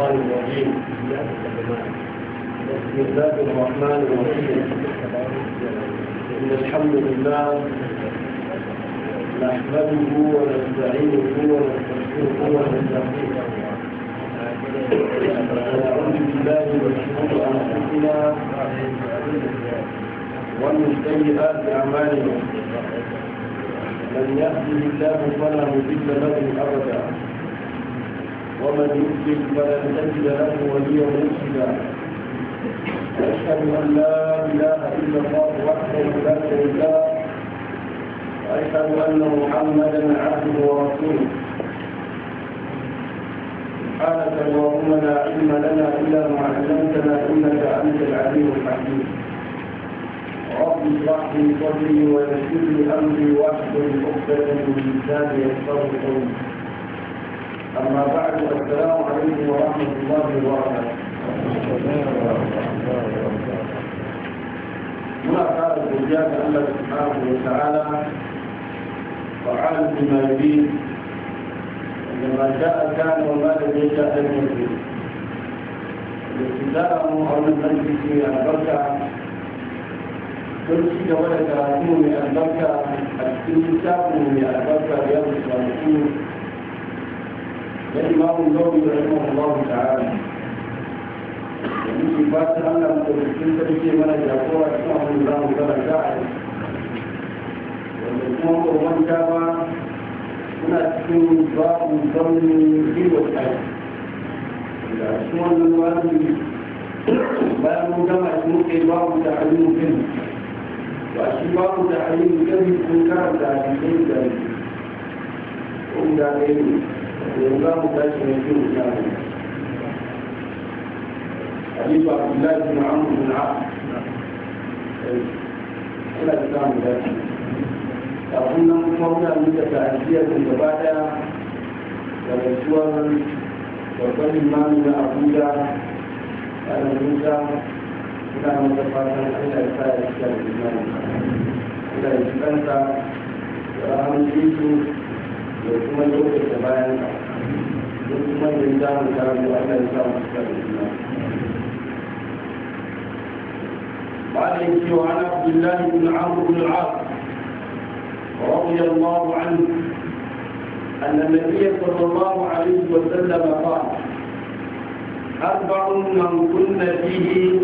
الشيطان الرجيم بسم الله الرحمن الرحيم إن الحمد لله نحمده ونستعينه ونستغفره ونستغفره ونعوذ بالله من شرور أنفسنا ومن سيئات أعمالنا من يهده الله فلا مضل له أبدا ومن يضلل فلن تجد له وليا مرشدا واشهد ان لا اله الا الله وحده لا شريك له واشهد ان محمدا عبده ورسوله سبحانك اللهم لا علم لنا الا ما علمتنا انك انت العليم الحكيم رب اشرح لي صدري ويسر لي امري واحلل عقده من لساني يفقهوا أما بعد السلام عليكم ورحمة الله وبركاته muna fara godiya ga Allah subhanahu wa ta'ala wa alim bima yuri da ma sha'a kana wa ma da ya sha'a da yake da su zara mu a wannan zanci ce mai albarka don ci gaba da karatu mai albarka a cikin littafin mai albarka da yawon الإمام النووي رحمه الله تعالى yake fatan Allah mutum da yake mana jagora cikin abin da zamu karanta a yau wanda kuma ko manta ba muna cikin babu zauni riwa kai da shi wannan wani bayan mun gama shi muke babu da alimu ba shi da alimu kan kun karanta a cikin da wanda ne yanzu za mu tashi ne fi mutum حديث عبد الله بن عمرو بن عاص ina da samun dace kafin nan kuma muna nuna ta'aziyar da gaba daya da rasuwar babban imami na abuja a da musa muna masa fatan allah ya sa ya shi da imani allah ya shi da rahamun yesu da kuma lokacin bayan ka من يزال كانوا قال عن عبد الله بن عمرو بن العاص رضي الله عنه أن النبي صلى الله عليه وسلم قال أربع من كن فيه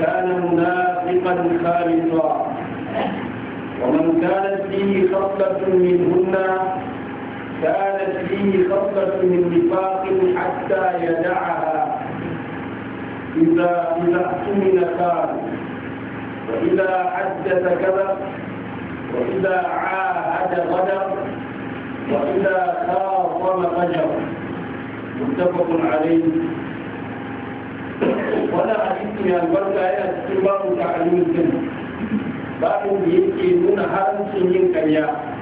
كان منافقا خالصا ومن كانت فيه خصلة منهن كانت فيه خطة من نفاق حتى يدعها إذا إذا اؤتمن كان وإذا حدث كذب وإذا عاهد غدر وإذا خاصم فجر متفق عليه ولا أجدت من البركة إلى استمرار تعليم السنة بعد ذلك يكون هذا السنين كمياه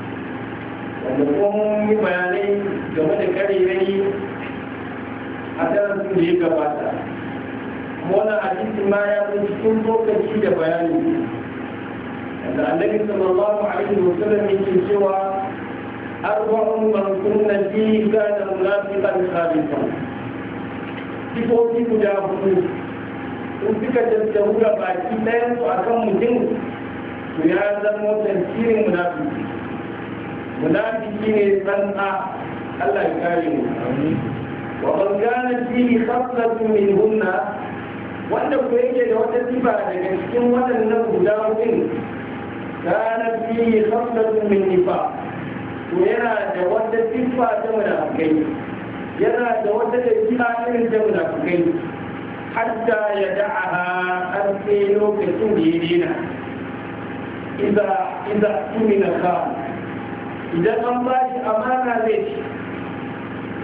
wanda kuma yi bayanai game da karerai a darasin da ya gabata wannan hadisi ma ya fi cikin lokaci da bayani da annabi sallallahu alaihi wasallam yake cewa arba'un man kunna fi kana munafiqan khalisan sifofi guda hudu in suka tattaru ga baki ɗayan su akan mutum to ya zama tantirin munafiki munafiki ne san'a Allah ya kare mu wa man kana fihi khaflatun minhunna wanda ku yake da wata sifa daga cikin waɗannan guda hudun kana fihi khaflatun min nifa to yana da wata sifa ta munafikai yana da wata dabi'a irin ta munafikai hatta ya da'aha har sai lokacin da ya dena iza iza tumina kawai idan an ba shi amana zai ci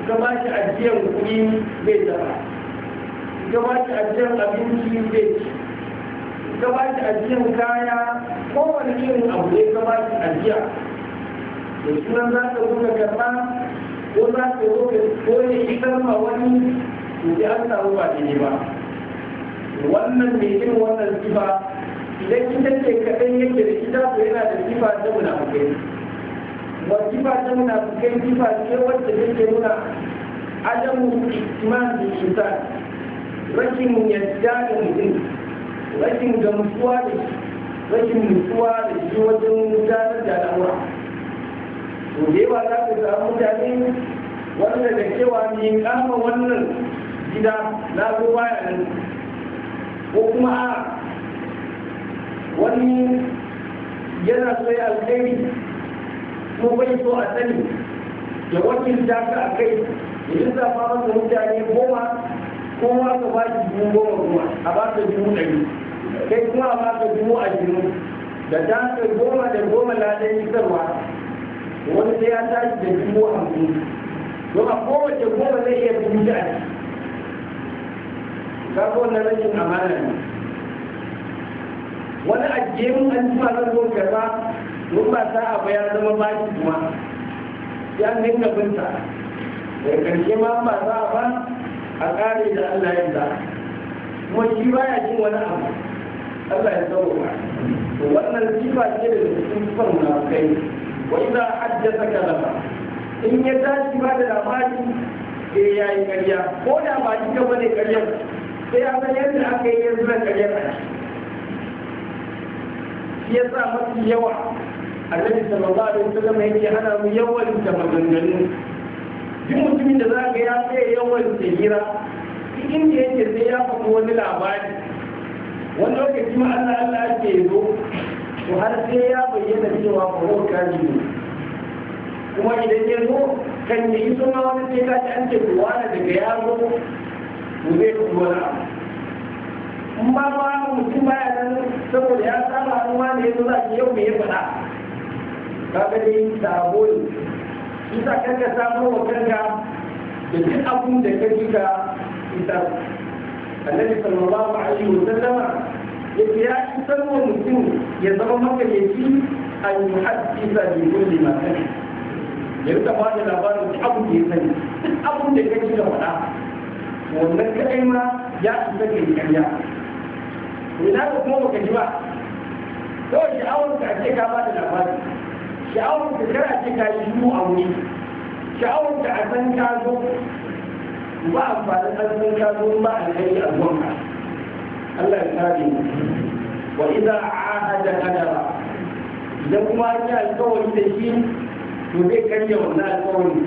ka ba shi ajiyar kuɗi zai taɓa ka ba shi ajiyar abinci zai ci ka ba shi ajiyar kaya kowane irin abu zai ka ba shi ajiya da sunan za ka zo ka karɓa ko za ka zo ka ya yi ma wani to sai an samu ba daidai ba wannan mai irin wannan sifa idan ita ce kaɗan yake da ita to yana da sifa ta munafukai wa kifa ta munafikai kifa ce wacce take nuna adamu iman da insan rashin yadda da mutum rashin gamsuwa da shi rashin nutsuwa da shi wajen gudanar da al'amura to da yawa za ka samu mutane wanda da cewa mai kama wannan gida na zo baya nan ko kuma a wani yana so ya alkhairi ko bai so a sani ya wakil da ka a kai ya yi zafa masa mutane goma kowa ka ba shi dubu goma kuma a ba ka dubu ɗari kai kuma a ba ka dubu ashirin da ta ka goma da goma ladan isarwa wani sai ya tashi da dubu hamsin don a kowace goma zai iya dubu da ka ga wannan rashin amana ne wani a gemun an ji ma zan zo kaza mun ba ta abu ya zama baki kuma ya dinga binta da karshe ma ba za a ba a kare da Allah ya da kuma shi ba ya jin wani abu Allah ya tsawo ba to wannan sifa ce da cikin na kai wa idza haddasa kadaba in ya tashi ba da labari ke ya yi karya ko da ba duka bane karyar sai a san yadda aka yi yanzu na karyar a shi ya sa mafi yawa annabi sallallahu alaihi wasallam ce ana mu ta maganganu duk mutumin da za ka ya sai ta hira cikin da yake sai ya faɗi wani labari wani lokaci ma Allah Allah ake zo to har sai ya bayyana cewa ba ko kaji ne kuma idan ya zo kan ya iso ma wani sai ka ji an ce wani daga ya zo to zai fi wani abu in ba mutum baya nan saboda ya saba hannuwa ne ya zo za ki yau me ya faɗa kaga dai sabo ne isa kanka samo wa kanka da duk abun da ka ji ka isa annabi sallallahu alaihi wa sallama yake ya isar wa mutum ya zama maka yaki an yuhaddisa bi kulli ma kana ya rika ba da labarin duk abun da ya sani duk abun da ka ji ka faɗa wannan kaɗai ma ya isa kai karya ina ka kuma baka ji ba kawai sha'awar ka ce ka ba da labari sha'awar ka kara ce ta yi shiru a wuri sha'awar ta a san ka zo ba amfanin a san ka zo ba alheri a zuwanka Allah ya kare mu wa idza ahada kadara idan kuma an yi alkawari da shi to zai karya wannan alkawari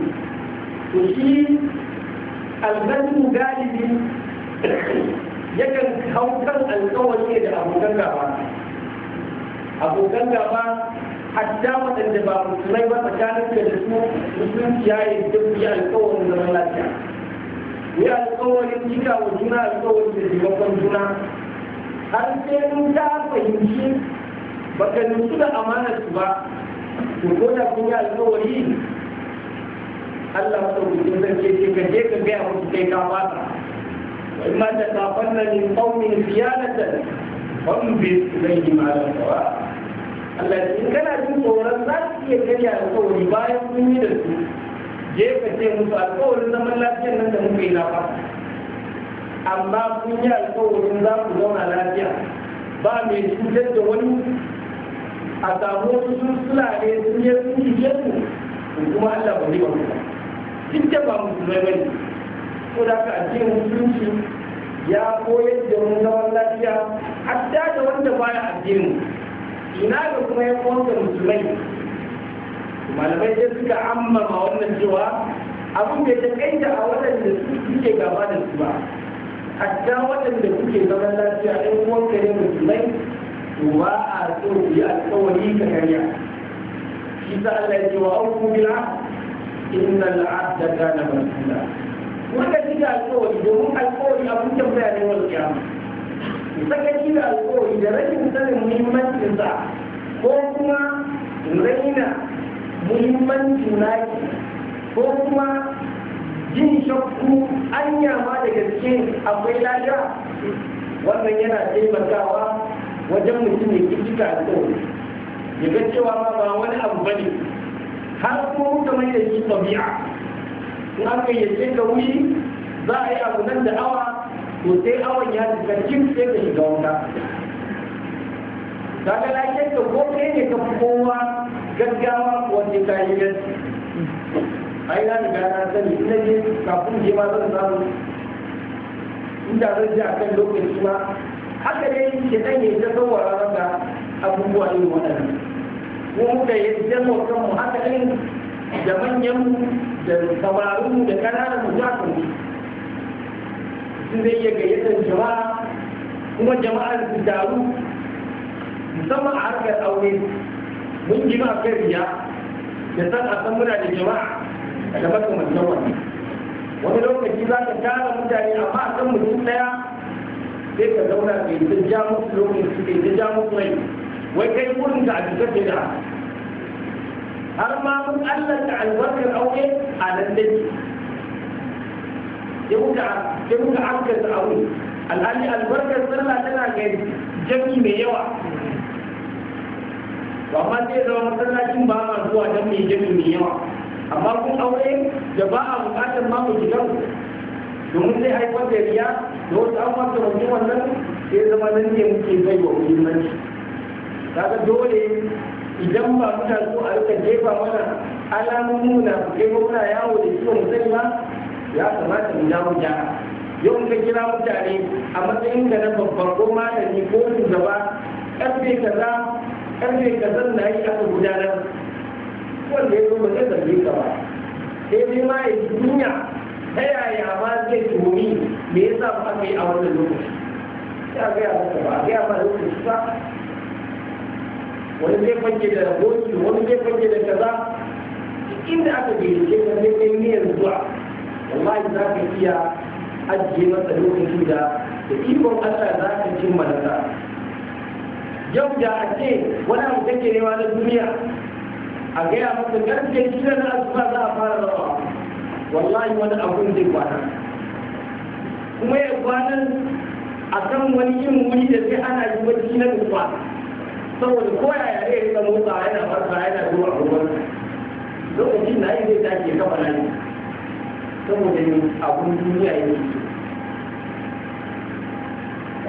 to shi albatu galibi yakan hau kan alkawari da abokan gaba abokan gaba hatta waɗanda ba musulmai ba tsakanin ka da su musulunci ya yi duk ya alƙawarin zaman lafiya ya alƙawarin cika wa juna alƙawarin da taimakon juna har sai in ka fahimci Ba baka nutsu da amanar su ba to ko da kun yi alƙawari Allah madaukakin sarki ce ka je ka gaya musu kai ka fata wa imma ta kafanna min qaumin khiyanatan fa bi yi ala sawa' Allah in kana jin tsoron za su iya karya alkawari bayan sun yi da su je ka ce musu alkawarin zaman lafiyar nan da muka yi na amma kun yi alkawarin za ku zauna lafiya ba mai cutar da wani a samu wasu sulsula ne sun yi sun cije su kuma Allah ba zai ba mutu duk da ba musulmai ba ne ko da ka addinin musulunci ya koyar da mu zaman lafiya hatta da wanda baya addinin ina da kuma yan uwansa musulmai malamai sai suka ammama wannan cewa abin da ta kaita a waɗanda suke gaba da su ba hatta waɗanda suke zaman lafiya ɗan uwanka ne musulmai to ba a so ku yi alƙawari ka karya shi sa Allah ya ce wa auku bil inna al-'abda kana mas'ula wanda kika alkawari domin alƙawari abin tambaya ne wani kyamun. sakaci da alkawari da rashin sanin muhimmancinsa ko kuma raina muhimmancin naki ko kuma jin shakku anya ma da gaske akwai lafiya wannan yana taimakawa wajen mutum ya ki cika alkawari ga cewa ma ba wani abu bane har kuma muka mai da shi tabi'a in aka yace ka wuri za a yi abu nan da awa to sai awon ya shiga jin sai ka shiga wuta daga lafiyar ka ko kai ne ka kowa gaggawa wanda ka yi gaske ai na riga na sani ina je kafin je ma zan samu inda zan je akan lokaci ma haka ne ke dan ya ta saurara maka abubuwa irin waɗannan ko muka yi jama'a mu haka ne da manyan da samarin da kananan mu za mutum zai iya gayyatar jama'a kuma jama'ar su taru musamman a harkar aure mun gina a kan riya da san a san muna da jama'a da makamantan wani wani lokaci za ka tara mutane amma a san mutum ɗaya sai ka zauna kai ta ja musu lokaci kai ta ja musu rai wai kai wurin ka a cikin gida har ma mun allanta albarkar aure a nan dai sai muka sai muka hankali abu alhali albarkar sallah tana kai jami mai yawa ba amma sai zama masallacin ba ma zuwa dan mai jami mai yawa amma kun aure da ba a bukatar ma mu shiga domin sai haifar da riya da wasu an masa wajen wannan sai zama nan ne muke bai wa muhimmanci kaga dole idan ba muna so a rika jefa mana alamomin na kai muna yawo da ciwon musali ba ya kamata mu dawo gyara yau ka kira mutane a matsayin da na babban ko malami ko shugaba karfe kaza karfe kaza na yi aka gudanar wanda ya zo ba zai zarge ka ba sai dai ma ya duniya ta yaya ma zai tuni me yasa ba ka yi a wannan lokaci ya gaya maka ba gaya ma lokaci ba wani zai fanke da goki wani zai fanke da kaza inda aka gayyace ka zai kai zuwa wallahi za ka iya ajiye masa lokacin da da ikon Allah za ka cin malaka yau da a ce wani abu take rewa na duniya a gaya masa garke shida na azuma za a fara rawa wallahi wani abun zai kwana kuma ya kwana a kan wani yin wuri da sai ana yi wani na nufa saboda koya ya yare ya motsa yana farka yana zuwa a ruwan lokacin na yi zai dace kafa na yi saboda ne abun duniya yake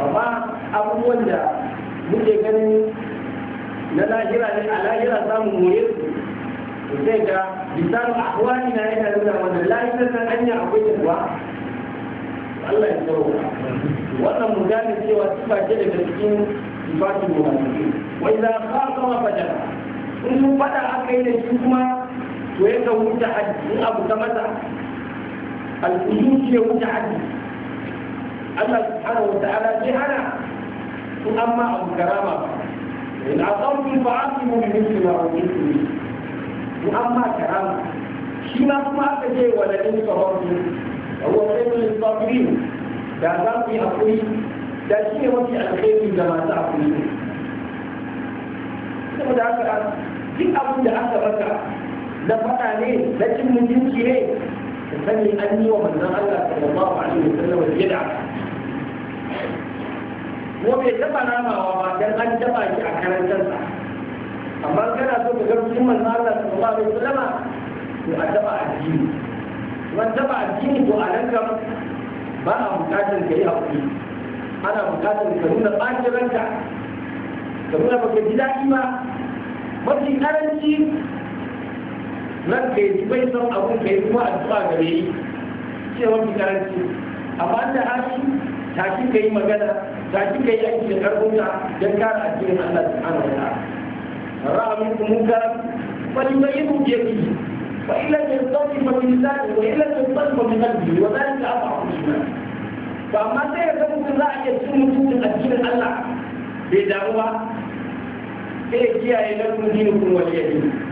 amma abubuwan da muke ganin na lahira ne a lahira samun mu more su sai ga bisan ahwani na yana nuna wannan lahira nan anya akwai da kuwa Allah ya tsaro wannan mu gane cewa sifa ce daga cikin sifatin mu Wai za idza khaqama fajara in mun fada akai da shi kuma to ya wuce hajji abu ta masa al'ujub ce wuce haji Allah subhanahu wa ta'ala ce hana su amma abu karama in aqamtu fa aqimu bi mithli ma umitu bi su amma karama shi ma kuma aka ce wa la in sabaru wa huwa khayrul sabirin da za ku yi hakuri da shi ne mafi alkhairi da masu hakuri saboda haka duk abin da aka baka na faɗa ne na cin mutunci ne ka sani an yi wa manzon Allah sallallahu alaihi da bid'a ko bai taba namawa ba dan an taba shi a karantar karantarsa amma kana so ka ga cikin manzon Allah sallallahu alaihi wasallam to a taba addini wani taba addini to a nan kam ba a bukatar ka yi hakuri ana bukatar ka nuna ɓacin ranka ka nuna baka ji daɗi ba mafi karanci nan ka yi bai san abin ka yi kuma a zuwa gare yi cewa mu garanti amma da hasu ta ki ka yi magana ta ki ka yi aiki da karfunta don kara addinin Allah subhanahu wa ta'ala ra'amin ku mun garan bali bai yi ku ke yi fa illa ta zaki fa min zaki wa illa ta zaki fa min qalbi wa zalika afa usman fa amma sai ka ku za a yi cin a cikin Allah bai damu ba sai kiyaye na mutum ku wajen yi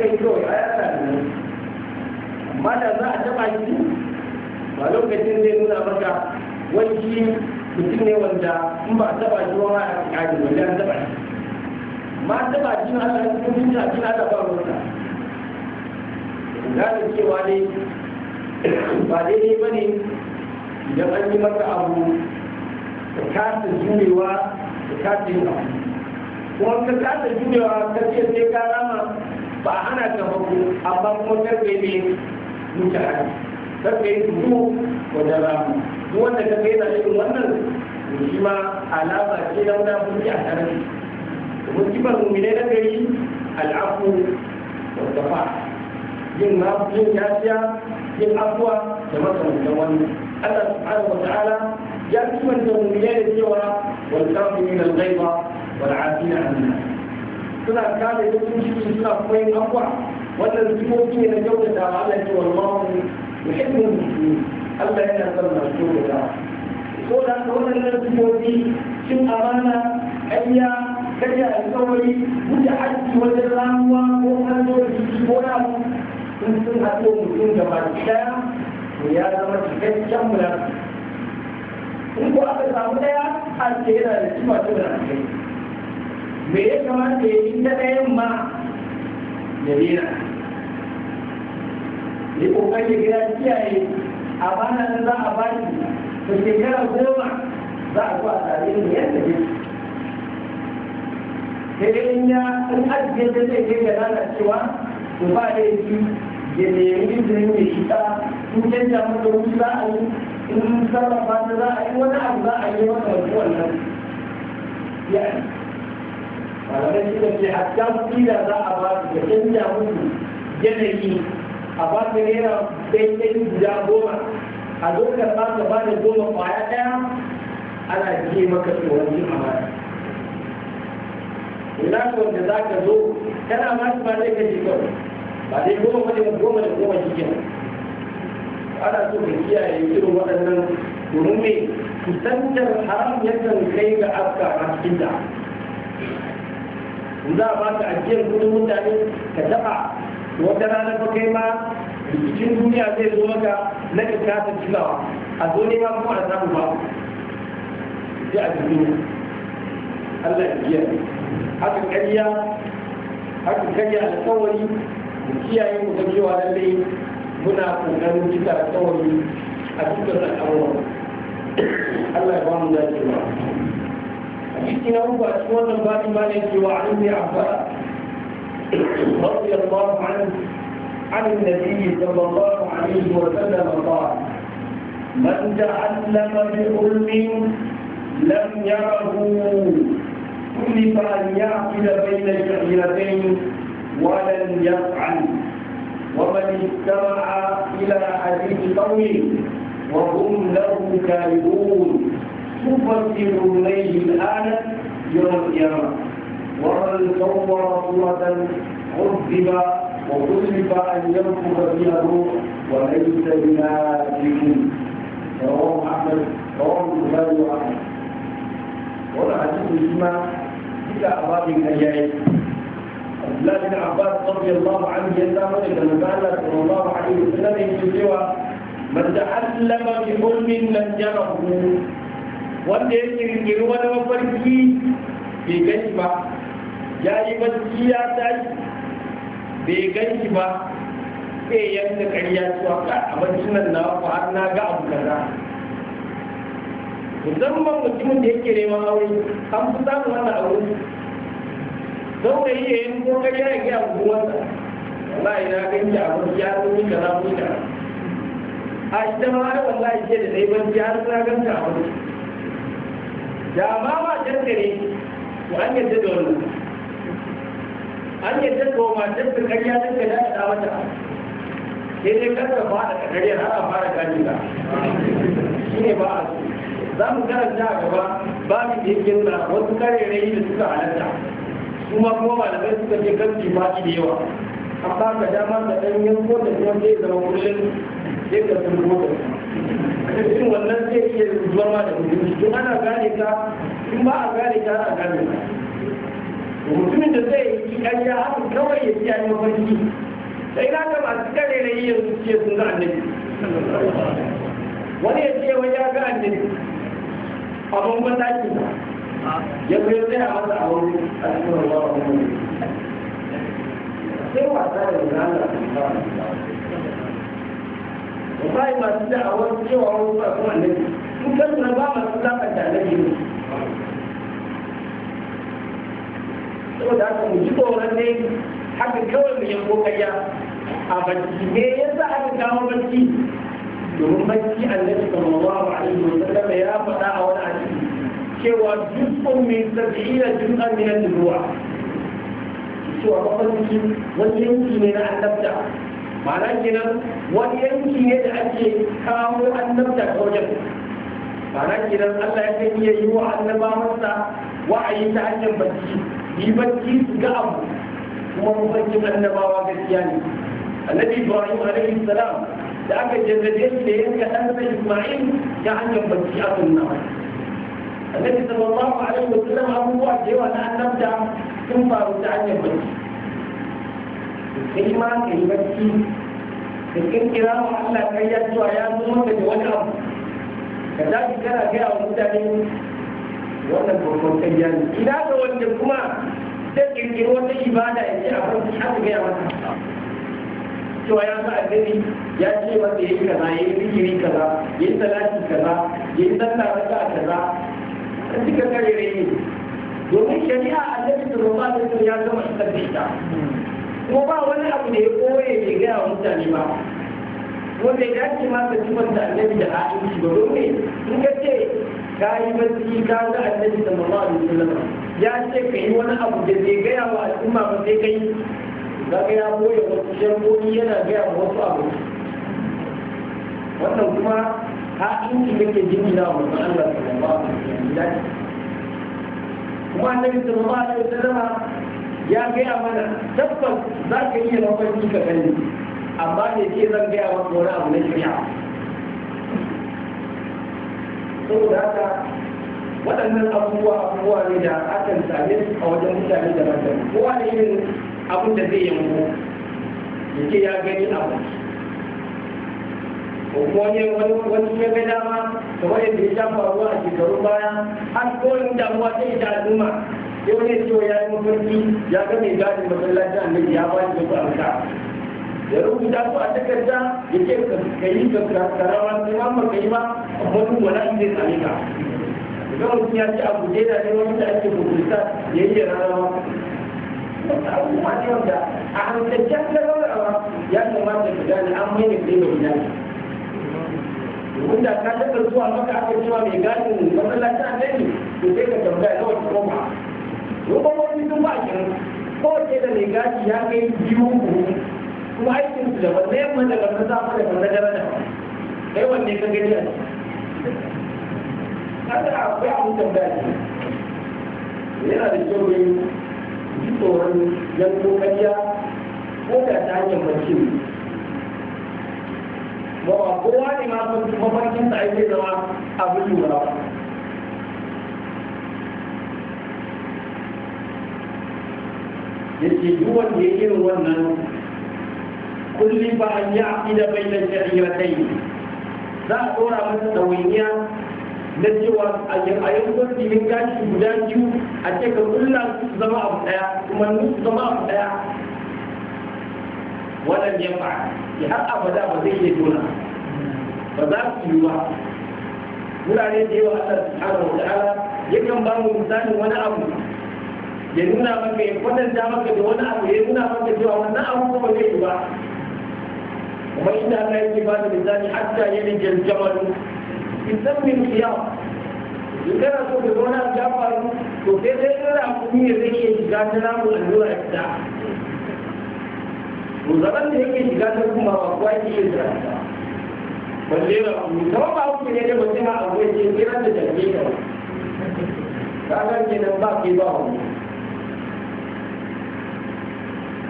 kai kawai a yasa ne amma da za a taba shi ba lokacin zai nuna maka wani shi mutum ne wanda in ba a taba shi ba ma a kare wanda an taba shi ma an taba shi na Allah ya kuma ta shi na taba wanda da da cewa ne ba daidai ba ne idan an yi maka abu ka kasa jurewa ka kasa yin abu kuma ka kasa jurewa ka ce sai ka rama ba ana ta hagu amma kuma karfe ne wuce haka karfe yi tuhu wajen ramu duk wanda ka kai na wannan shi ma alama ce na wani abu a tare da domin kifar ne na gari al'afu wanda fa yin rafu yin yafiya yin afuwa da makamantan wannan Allah subhanahu wa ta'ala ya kimanta ne da cewa wal kafirin al-ghaiba wal afina an-nas suna kare mutunci suna kuma abuwa wannan ne na kyau da Allah ce wallahu yuhibbul muslimin Allah yana son masu kyau da ko da wannan cin amana alƙawari aiki wajen ramuwa ko hanzo ko na in sun haɗo mutum ɗaya ya zama cikakken in ko aka samu ɗaya ce yana da cima ta me ya kamata ya yi ta ɗayan ma da nina ya ƙoƙari gina kiyaye a bana nan za a baki ta shekara goma za a kuwa tare da yadda ke ta yi in ya in ajiye da zai ke da cewa to ba da yi ya nemi izinin ya shi ta sun canja mata wuce za a yi in sarrafa ta za a yi wani abu za a yi wata wani wannan malamai suka ce a can fila za a ba su da canja musu yanayi a ba su naira daidai guda goma a zo ka ba ka ba da goma kwaya daya ana ji maka tsoron jin amana ina ko da za ka zo kana ma shi ba zai kaje kawai ba dai goma ba ne goma da goma shi kenan ana so ka kiyaye irin waɗannan domin me kusantar haram yakan kai ga afka a cikin da za a baka ajiyar kudin mutane ka taba wata ranar fa kai ma rikicin duniya zai zo maka na ka kasa cilawa a zo ne ma kuma a samu ba sai a cikin Allah ya biya haka kariya haka kariya alƙawari mu kiyaye mu ga cewa lallai muna kokarin cika alƙawari a cikin al'amuran Allah ya ba mu dacewa جئتنا هو أسوان الباني مالك وعن عباس رضي الله عنه عن النبي صلى الله عليه وسلم قال من تعلم بعلم لم يره كلف أن يعقل بين شعيرتين ولن يفعل ومن استمع إلى حديث قوي وهم له كارهون تفسر إليه الآن يوم القيامة ومن صور صورة عذب وكلف أن ينفخ فيها الروح وليس بنافخ رواه أحمد رواه البخاري وأحمد وهذا حديث الجمعة إلى أبواب الأجائب عبد الله بن عباس رضي الله عنه يسامح لما قال صلى الله عليه وسلم في سوى من تعلم بظلم لم يره wanda ya kirkiri wani mafarki bai gani ba ya yi bacci ya tashi bai gani ba sai yanka kariya cewa ka a baccin nan na wafa har na ga abu kaza musamman mutumin da yake neman aure an fi samun wannan aure saurayi ya yi ko ƙarya ya abu guguwarsa wallahi na gani a abu ya zo ni kaza ko kaza a ita ma ai wallahi ce da na yi bacci har na ganta a da ma ba jankare to an yadda da wani an yadda ko ma jankare karya duka da ta mata sai dai kasa ka fara karya har a fara gani ba shi ne ba a za mu karanta a gaba ba mu da yake nuna wasu karerai da suka halatta kuma kuma malamai suka je kan jima'i da yawa amma ka dama ka ɗan yanko da kuma zai zama kullum sai ka san wannan zai iya zuwa ma da mutunci don ana gane ka in ba a gane ka ana gane ka mutumin da zai yi ƙarya haka kawai ya ciya yi mafarki sai na ga masu kare na yi yanzu ce sun ga annabi wani ya ce wani ya ga annabi a bambam ba, ya fi yanzu ya masa a wani a cikin rawa a wani sai wasa da zana da zana bai masu da da'awar cewa wani ba kuma annabi su kansu na ba masu zaɓar da annabi ne saboda haka mu ji ko tsoron ne haka kawai mu yi kokaya a bacci ne yasa aka kawo bacci domin bacci annabi sallallahu alaihi wa sallam ya faɗa a wani hadisi cewa dukkan mai sab'ina juz'an min an-nubuwa cewa mafarki wani yanki ne na annabta ma'ana kenan wani yanki ne da ake kawo annabta da wajen ma'ana kenan Allah ya kan iya yi wa annaba annabawansa wa'ayi ta hanyar bacci yi bacci su ga abu kuma mafarkin annabawa gaskiya ne annabi ibrahim alaihi salam da aka jaddade shi da yanka ɗansa isma'il ta hanyar bacci a sunna annabi sallallahu alaihi wasallam abubuwa da yawa na annabta sun faru ta hanyar bacci kai ma ka yi barci, ka kirkira wa Allah kai ya zuwa ya zo maka da wani abu ka tashi kana gaya wa mutane wannan babban kariya ne ina da wanda kuma zai kirkiri wata ibada ya ce a farko aka gaya mata cewa ya sa annabi ya ce masa ya yayi kaza yi rikiri kaza ya yi salati kaza ya yayi sallah raka kaza kan duka kare ne domin shari'a annabi sallallahu alaihi wasallam ya zama gama ta. kuma ba wani abu da ya koye ke gaya wa mutane ba wanda ya dace ma ka ci wanda annabi da aiki ba domin in ka ce ka yi mazi ka ga annabi sallallahu alaihi wasallam ya ce ka yi wani abu da bai gaya wa al'umma ba sai kai za ka ya koya wasu shamboni yana gaya wa wasu abu wannan kuma ha'inci kake jingina wa manzon Allah sallallahu alaihi wasallam kuma annabi sallallahu alaihi wasallam ya gaya mana tabbas za ka iya mafarki duka gani amma ne ke zan gaya wa wani abu na shirya saboda haka waɗannan abubuwa abubuwa ne da akan same su a wajen mutane da mutane kowa ne irin abin da zai yanko ya ce ya gani abu ko kuma wani wani ya ga dama kamar yadda ya sha faruwa a shekarun baya har kowane damuwa sai ta al'umma sai wani cewa ya yi mafarki ya ga mai gadin masallaci annabi ya ba shi wasu abuka ya rubuta su a takarda ya ce ka yi ka karawa sai ma ba ka yi ba wani wala inda ya same ka ga mutum ya ce abu da ne wani da ake bukuta ya yi ranawa abubuwa ne wanda a hankalcen gararawa ya kamata ka gane an mai da kai da gida wanda ka taɓa zuwa maka aka cewa mai gadin masallaci annabi ko sai ka tambaya kawai ta koma rubabobi sun ba kiran kowace da mai gashi ya kai biyu uku kuma aikin su da wanda yamma da wanda safa da wanda dara da kai wanne ka gani a kada akwai abin tambaya ne yana da kyau ne ji tsoron yan kokariya ko da ta hanyar mace ba kowa ne ma mafarkin sa ake zama abin lura yake duk wanda ya irin wannan kulli ba an yi aƙida bai da shari'atai za a ɗora masa ɗawainiya na cewa a yi kwanci gashi guda biyu a ce ka kulla su zama abu daya kuma su zama abu daya wannan ya fa ya har abada ba zai iya dona ba za su yi ba wurare da yawa Allah subhanahu wa ta'ala yakan ba mu misalin wani abu ya nuna maka ya kwatanta maka da wani abu ya nuna maka cewa wannan abu kuma zai yi ba kuma inda Allah yake ba da misali hatta ya ne jaljamal isan min qiyam in kana so ka zauna a faru to sai sai kana abu ne zai iya shiga ta namu allura ya to zaman da yake shiga ta kuma ba kuwa yake yin zara balle ba kuma ba kuma ne da mutum a abuwa ke da jaljamal ka ga kenan ba ke ba wani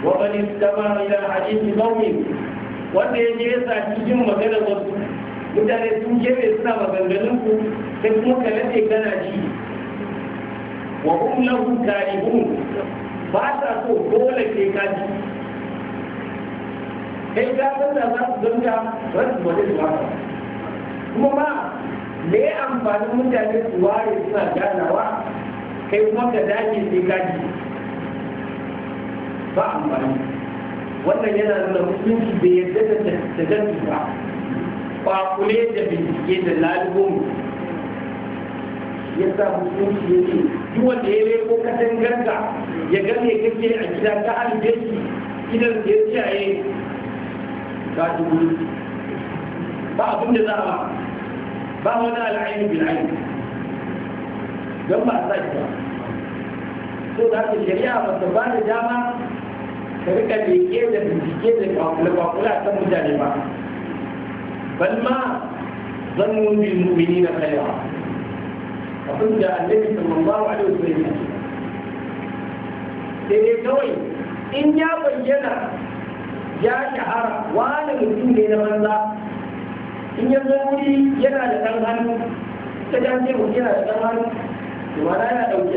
وقد استمع إلى حديث قوم wanda ya je ya sa cikin magana wasu mutane sun gefe suna maganganun ku sai kuma ka nade kana ji wa hum lahu karihun ba sa so dole ke kaji. kai ka san da za su ganga za su wajen ba kuma ma me amfanin mutane su ware suna ganawa kai kuma ka dace sai kaji. ba amfani wannan yana nuna musulunci da yarda da tattadan ba kwakule da bincike da lalibon ya sa musulunci ya ce duk wanda ya leko katangarka ya gane kake a gida ta halibe shi gidan da ya ciyaye ka dubu ba abin da za a ba wani al'ayin bil'ayin don ba a sa shi ba so da haka shari'a ba ta ba da dama ka rika leke da bincike da kwakula mutane ba zan na abin da da dai kawai in ya bayyana ya shahara mutum ne na banza in ya zo yana da ɗan hannu ta mutum yana da ɗan hannu da ma yana dauke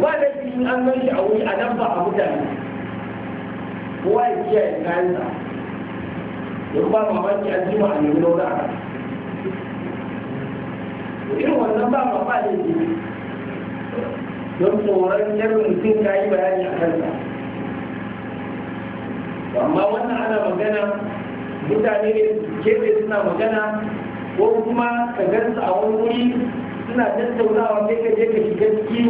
ba da an gan a wuri a nan a mutane kowa ya kiyaye kayansa don ba mamaki an jima a nemi wani aka irin wannan ba mamaki ne don tsoron yadda mutum ya yi bayani a kansa amma wannan ana magana mutane ne kebe suna magana ko kuma ka gansu a wani wuri suna tattaunawa sai ka je ka shiga ciki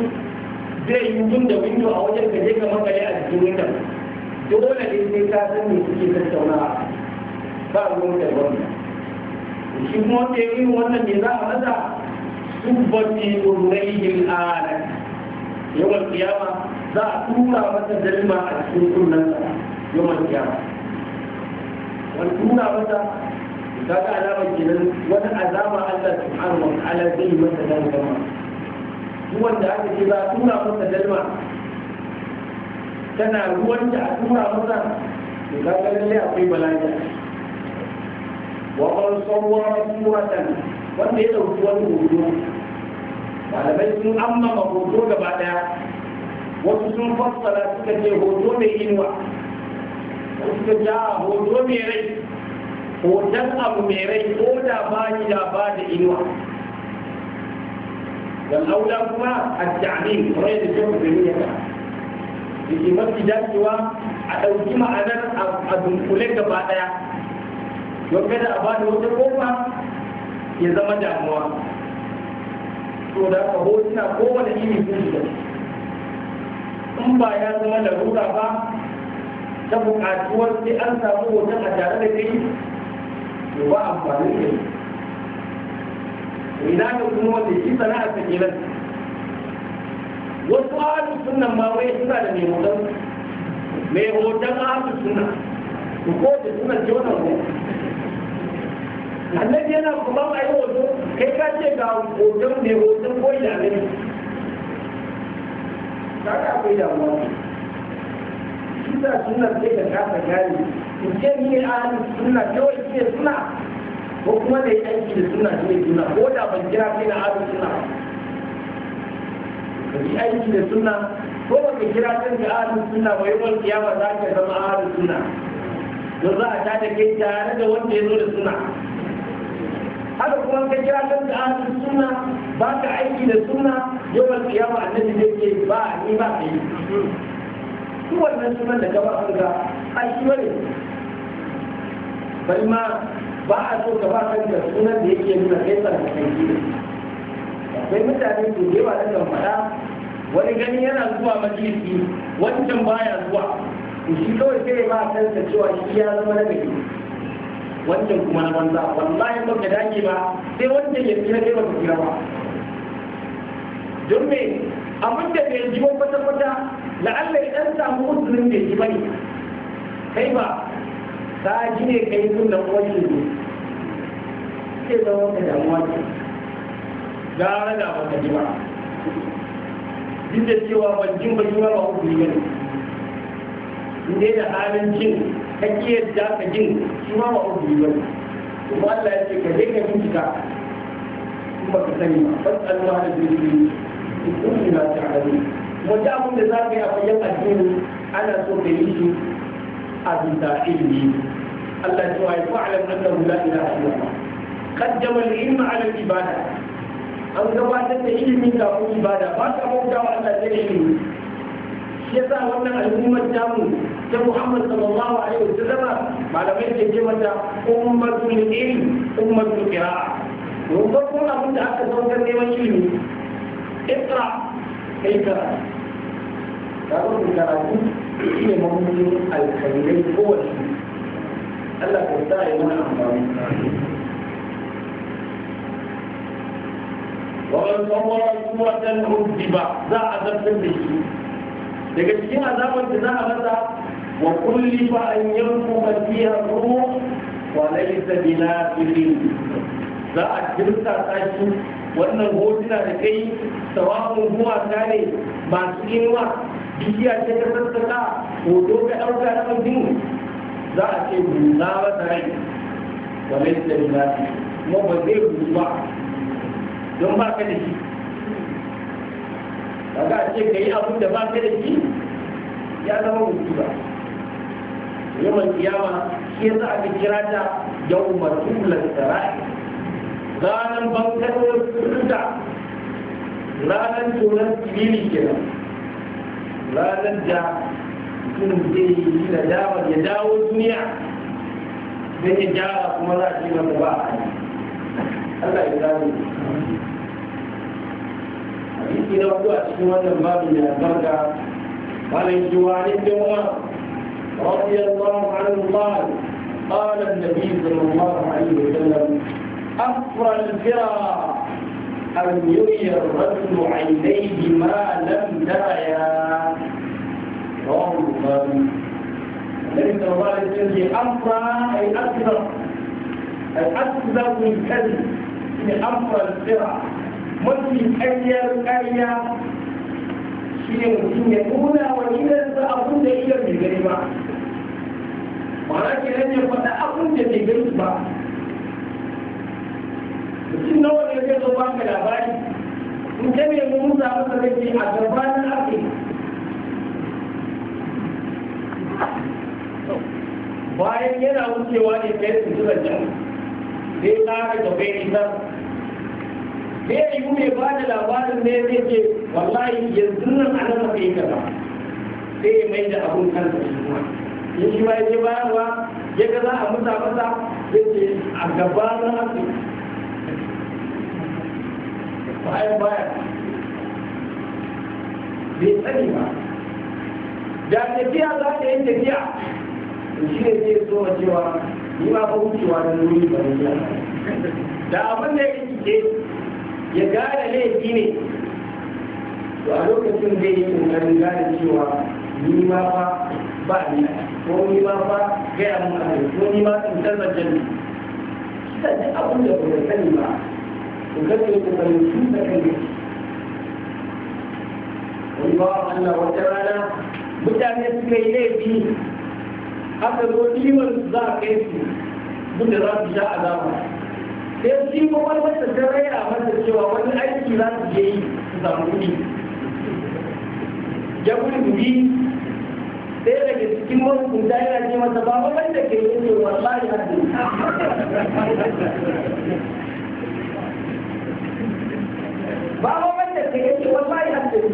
zai yi da windo a wajen ka je ka makale a cikin window dole ne sai ka san me suke tattaunawa ba ruwan da wannan shi kuma wanda ya yi wannan ne za a masa tubbati urayhil alat yawan kiyama za a tura masa dalma a cikin sunnansa yawan kiyama wani tura masa ka ga alamar kenan wani azama Allah subhanahu wa ta'ala zai masa dalma duk wanda aka ce za a tura masa dalma tana ruwan da a tura masa to ga lalle akwai bala'i wa qad sawwara suratan wanda ya dauki wani hoto malamai sun amma hoto gaba daya wasu sun fassara suka ce hoto mai inuwa wasu suka ce hoto mai rai hoton abu mai rai ko da ba ni da ba da inuwa dan aula kuma at-ta'min da yadda shi da ke mafi dacewa a ɗauki ma'anar a dunkule gaba ɗaya don kada a bada wata kofa ya zama damuwa to da ka hotuna kowane iri sun shiga in ba ya zama larura ba ta buƙatuwar sai an samu hoton a tare da kai to ba amfani da shi idan ka kuma wanda shi sana'a ta kenan wasu ahlus sunan ma wai suna da mai hoton mai hoton ahlus sunna ko da suna ce wannan ko annabi yana kuma a yi hoto kai ka ce ga hoton mai hoton ko da ne. kaga akwai damuwa ne. suna suna sai ga kasa gari in ce ni ahlus suna kawai ce suna ko kuma da yi aiki da suna ce suna ko da ban kira kai na ahlus suna. ka bi aiki da sunna ko ba ka kira kan ka ahlus sunna ba yau kiyama za ka zama ahlus sunna don za a ta kai tare da wanda ya zo da suna, haka kuma ka kira kan ka ahlus sunna ba ka aiki da suna, yau kiyama annabi zai ke ba a ni ba yi. su wannan sunan da gaba an ga ai shi bane bari ma ba a so ka ba kanka sunan da yake nuna kai tsara kai sai mutane su yawa na kan faɗa wani gani yana zuwa majalisi wancan baya zuwa shi kawai sai ba kansa cewa shi ya zama na gari wancan kuma na banza wallahi ba ka dace ba sai wancan ya fi na kai wata tsira ba don me abin da bai ji kwata kwata la'alla ya ɗan samu uzurin da ji kai ba ka ji ne kai sun da kowace ne sai zama ka damuwa ce gara da baka ji ba duk da cewa ban jin ba ji ba ba hukumi ba ne in dai da halin jin ka kiyar da ka jin shi ma ba hukumi ba ne kuma Allah ya ce ka je ka bincika kuma ba ka sani ba fasal ma da jirgi in kun ina ta hali ta abin da za ka yi a bayan addini ana so ka yi shi a bisa ilimi Allah ya ce wa ya fa'alam annahu la ilaha illallah قدم العلم على العباده an gabatar da ilimin kafin ibada ba ta bauta wa Allah da shi shi yasa wannan al'ummar tamu ta Muhammad sallallahu alaihi wasallam malamai ke ce mata ummatul ilm ummatul qira'a mun farko abin da aka saukar neman ilimi iqra kai karatu karatu karatu shi ne mamunin alkhairai kowace Allah ka sa ya mana amfani wani tsammara kuma ɗan hudu ba za a zartar da shi daga cikin azabar da za a rasa wa kulli ba an yanku mafiya ruwa wa laisa bina filin za a kirta tashi wannan hotuna da kai tsawon gumaka ne masu inuwa bigiya ce ta sassaka hoto ka ɗauka na mutum za a ce buza masa rai wa laisa bina filin kuma ba zai buzu ba don ba ka da shi ba ka ce ka yi abu da ba ka da shi ya zama ba. musiba mai kiyama shi yasa ka kira ta yau masu sarai ranar bankatar turda ranar turan tibili kenan ranar da mutum zai yi da damar ya dawo duniya zai ya gyara kuma za a ce masa ba a yi Allah ya gane hadisi na hudu a cikin wannan babin ya barka malam قال النبي صلى الله عليه وسلم أفرى الفرى أن يري الرجل عينيه ما لم تريا رواه البخاري النبي صلى الله عليه وسلم أفرى أي أكثر أي أكثر من كذب ne amfan tsira mafi ƙaryar ƙarya shi ne mutum ya nuna wa gidansa abin da iya bai gani ba ma'ana ke nan faɗa abin da bai gani ba mutum nawa ne zai zo ba ka labari in ta ne mun samu zai a gabanin ake bayan yana wucewa ne kai su zuwa jan zai ƙara gaba ya me ya yi mai ba da labarin ne zai ce wallahi yanzu nan a nan mafi gaba sai ya mai da abun kansa shi kuma in shi ma ya je bayarwa ya ga za a musa masa ya ce a gaba na hasu bayan baya bai tsani ba da tafiya za ta yi tafiya shi ne zai so cewa ni ma fa wucewa da nuni ba ne da abin da ya ke ya gane laifi ne to a lokacin zai yi kokarin gane cewa ni ma fa ba ni ko ni ma fa gaya mun abin ko ni ma in tabbatar ne kisa duk abin da ba sani ba to kace kokarin sun da kai wani ba Allah wata rana mutane suka yi laifi aka zo liman za a kai su duk da za su sha azaba sai shi kuma wata ta raira masa cewa wani aiki za su je yi su samu kuɗi ya daga cikin yana ce masa ba da ke yi ne wallahi hadu ba da ke yi wallahi hadu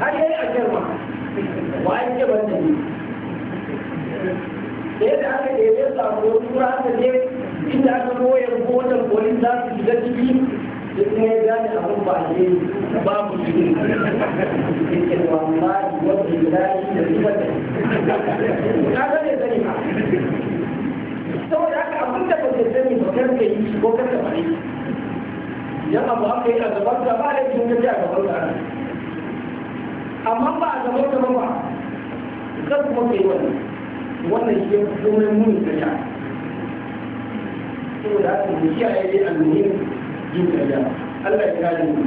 har yi a wa an ce ban da da aka ɗaya samu wani aka da aka su shiga ciki ya gane a babu shi ne da da ga ne sani ba saboda haka abin da ba sani ba ka yi ko ka bari idan abu yi a gaban ba da kin gaji a gaban ka amma ba a ka ba kuma ka yi wannan wannan shi ya fi komai muni saboda haka mu kiyaye dai Allah ya mu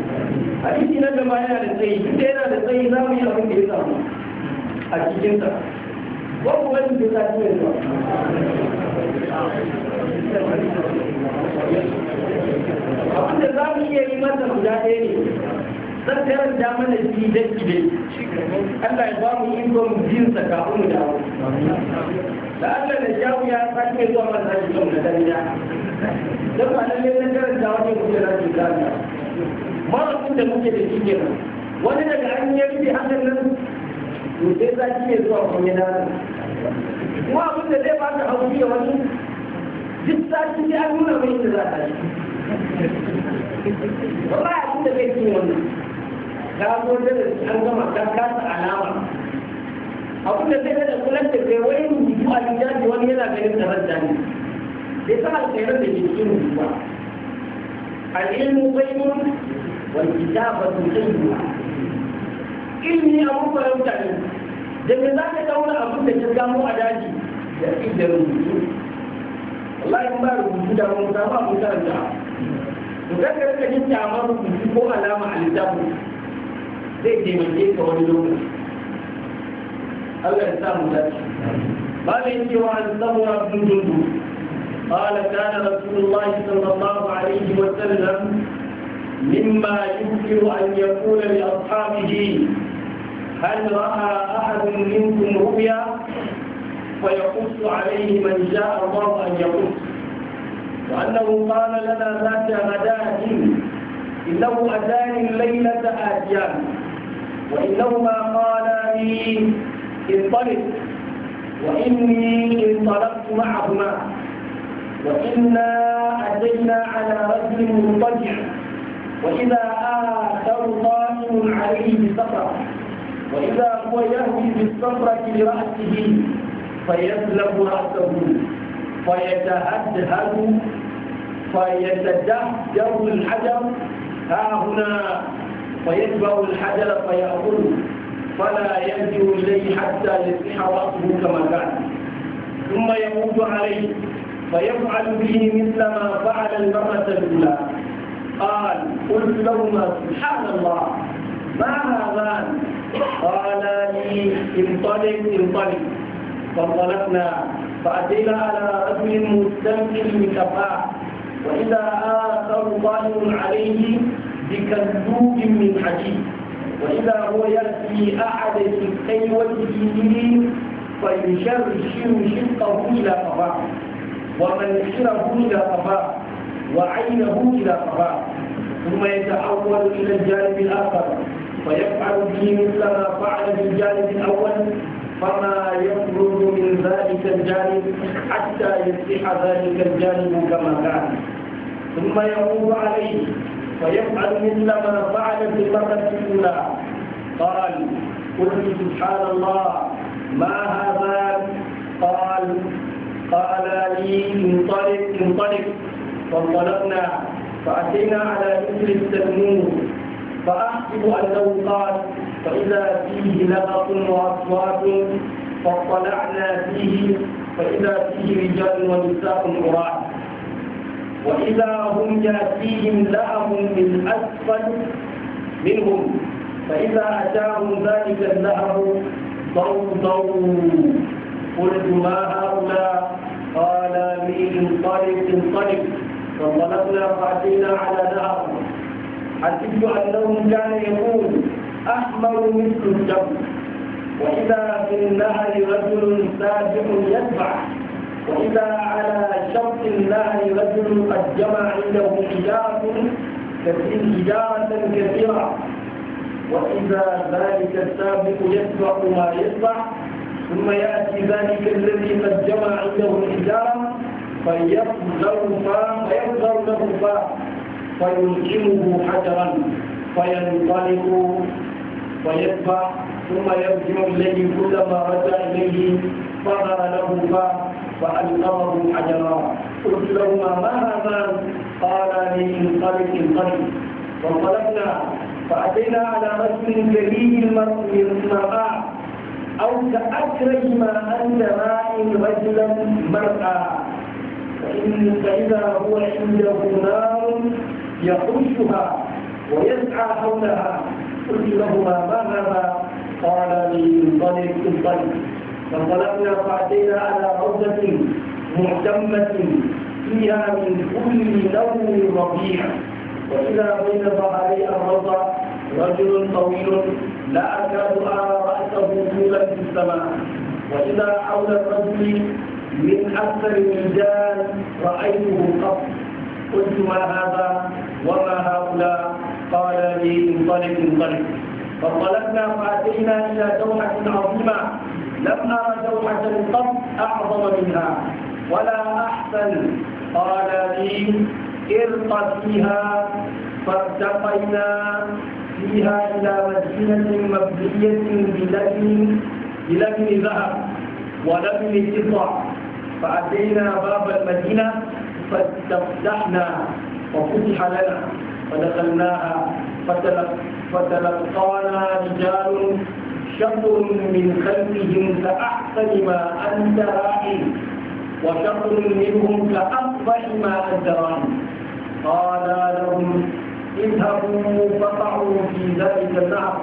nan da yana da tsayi duk da yana da tsayi za mu yi da ya samu a cikin sa ko da ta abin da za mu iya yi masa guda ɗaya ne zan da mana shi da kide Allah ya ba mu mu jin sa ka mu da da Allah da shawu ya sake zuwa masaji kan da dariya dan ba ne na karanta wani mu da da ke kana malamin da muke da shi ne wani daga an yi rubi hakan nan to sai za ki ne zuwa kuma yana kuma abin da zai ka hauki da wani duk sati sai an nuna mai da za ta yi wallahi abin da zai ci wannan ka zo da an gama ka kasa alama abin da zai da kulan da kai wai rubutu a littafi wani yana ganin daraja ne sai sa alkhairar da ke cikin rubutu ba al'ilmu bayyun wal kitabatu sayyuha ilmi mun fahimta ne daga za ka daura abin da ka gamo a daji da inda rubutu wallahi in ba rubutu da mun samu abin karanta to kan ka rika jin kyamar rubutu ko alama a littafin zai taimake ka wani lokaci Allah ya samu dace malin cewa an قال كان رسول الله صلى الله عليه وسلم مما يمكن أن يقول لأصحابه هل رأى أحد منكم رؤيا فيقص عليه من شاء الله أن يقص وأنه قال لنا ذات غداة إنه أتاني الليلة آتيان وإنهما قالا لي انطلق وإني انطلقت معهما وإنا أتينا على رجل مضطجع وإذا آثر قائم عليه بسفرة وإذا هو يهوي بالسفرة لرأسه فيسلب رأسه فيتهدهد فيتدهجر الحجر ها هنا فيتبع الحجر فيأكله فلا يرجع إليه حتى يصبح رأسه كما كان ثم يموت عليه فيفعل به مثل ما فعل المرة الأولى قال قلت لهما سبحان الله ما هذان قال لي انطلق انطلق فانطلقنا فأتينا على رجل مستنكر بكفاء وإذا آخر ظالم عليه بكذوب من حديد وإذا هو يأتي أحد شقي وجهه فيشرشر شقه إلى قضاء ومنشره إلى قضاء وعينه إلى قضاء ثم يتحول إلى الجانب الآخر ويفعل به مثل ما فعل في الجانب الأول فما يخرج من ذلك الجانب حتى يصبح ذلك الجانب كما كان ثم يعود عليه فيفعل مثل ما فعل في المرة الأولى قال قلت سبحان الله ما هذا قال قال لي انطلق انطلق فانطلقنا فأتينا على مثل التنور فأحسب أنه قال فإذا فيه لغط وأصوات فاطلعنا فيه فإذا فيه رجال ونساء عراة وإذا هم يأتيهم لهم من أسفل منهم فإذا أتاهم ذلك ضو ضوضوا قلت ما هؤلاء قال من انطلق انطلق فانطلقنا فأتينا على نهر حسبت أنهم كان يقول أحمر مثل الدم وإذا في النهر رجل سابق يدفع وإذا على شرط الله رجل قد جمع عنده حجارة كثير حجارة كثيرة وإذا ذلك السابق يتبع ما يتبع ثم يأتي ذلك الذي قد جمع عنده الحجارة فيقدر فاه له فا فيلقمه حجرا فينطلق فيتبع ثم يرجع إليه كلما رجع إليه فضل له فا فألقاهم حجرا قلت لهما ما هذا قال لي انطلق انطلق وانطلقنا فأتينا على رجل كريه المرقاع أو كأكره ما أنت ماء رجلا مرأى فإن فإذا هو عنده نار يخشها ويسعى حولها قلت لهما ما هذا قال لي انطلق انطلق فانطلقنا فأتينا على روضة مهتمة فيها من كل لون ربيع وإذا بين ظهري الروضة رجل طويل لا أكاد أرى رأسه طولا في السماء وإذا حول الرجل من أكثر الرجال رأيته قط قلت ما هذا وما هؤلاء قال لي انطلق انطلق فانطلقنا فأتينا إلى دوحة عظيمة لم أرى دوحة قط أعظم منها ولا أحسن قال لي ارقى فيها فارتقينا فيها إلى مدينة مبنية بلبن بلبن ذهب ولبن فضة فأتينا باب المدينة فاستفتحنا وفتح لنا فدخلناها فتلقانا رجال شق من خلفهم كأحسن ما أنت راعي وشق منهم كأفضل ما أنت راعي قال لهم اذهبوا فقعوا في ذلك النهر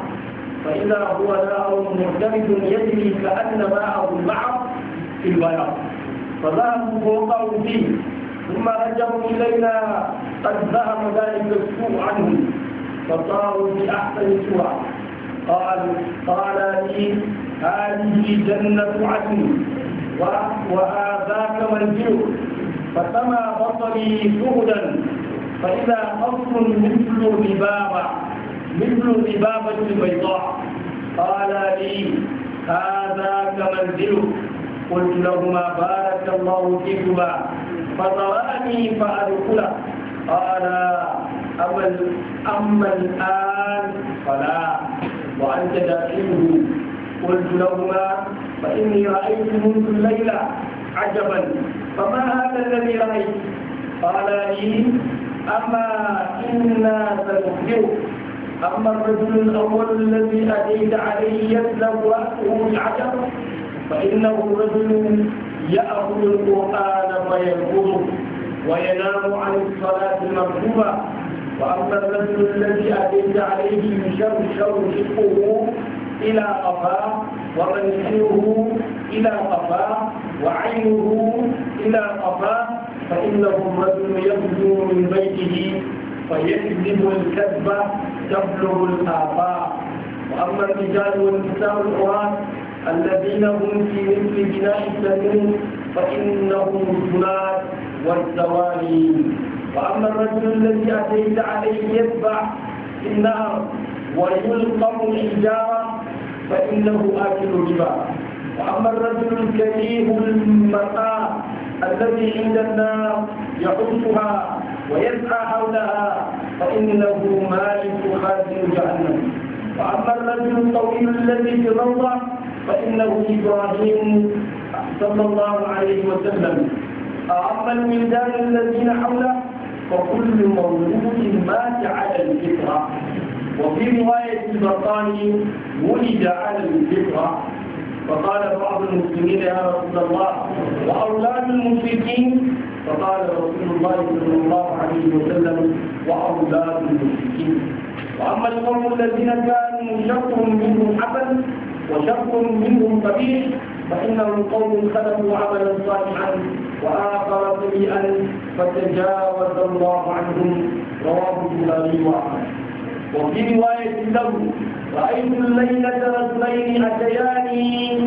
فإذا هو نار معتمد يجري كأن ماءه البحر في البحر فذهبوا فوقعوا فيه ثم رجعوا إلينا قد ذهب ذلك السوء عنهم فصاروا بأحسن سورة قال قال لي هذه جنة عدن وهذاك منزلك فسمى بطني زهدا فإذا قصر مثل ذبابة مثل ذبابة البيضاء قال لي هذاك منزل قلت لهما بارك الله فيكما فطرأني فأدخله قال أما الآن فلا وأنت داخله قلت لهما فإني رأيت منذ الليلة عجبا فما هذا الذي رأيت قال لي أما إنا سنخبرك أما الرجل الأول الذي أتيت عليه يسلم رأسه العجب فإنه رجل يأخذ القرآن فيرفضه وينام عن الصلاة المكتوبة فأما المثل الذي أتيت عليه من شر شر شقه إلى قفاه ورجله إلى قفاه وعينه إلى قفاه فإنه الرجل يبدو من بيته فيكذب الكذب تبلغ الآفاء وأما الرجال والنساء العراة الذين هم في مثل بناء السبيل فإنهم الزناد والزوالين وأما الرجل الذي أتيت عليه يتبع في النهر ويلقم الحجارة فإنه آكل ربا وأما الرجل الكريم المرأة الذي عند النار يحبها ويسعى حولها فإنه مالك خازن جهنم وأما الرجل الطويل الذي في الروضة فإنه إبراهيم صلى الله عليه وسلم أما الولدان الذين حوله فكل مولود مات على الفطرة وفي رواية البرطاني ولد على الفطرة فقال بعض المسلمين يا رسول الله وأولاد المشركين فقال رسول الله صلى الله عليه وسلم وأولاد المشركين وأما القوم الذين كانوا شر منهم عبد وشر منهم قبيح فإنهم قوم خلقوا عملا صالحا وآخر سيئا فتجاوز الله عنهم رواه البخاري وأحمد وفي رواية له رأيت الليلة رجلين أتياني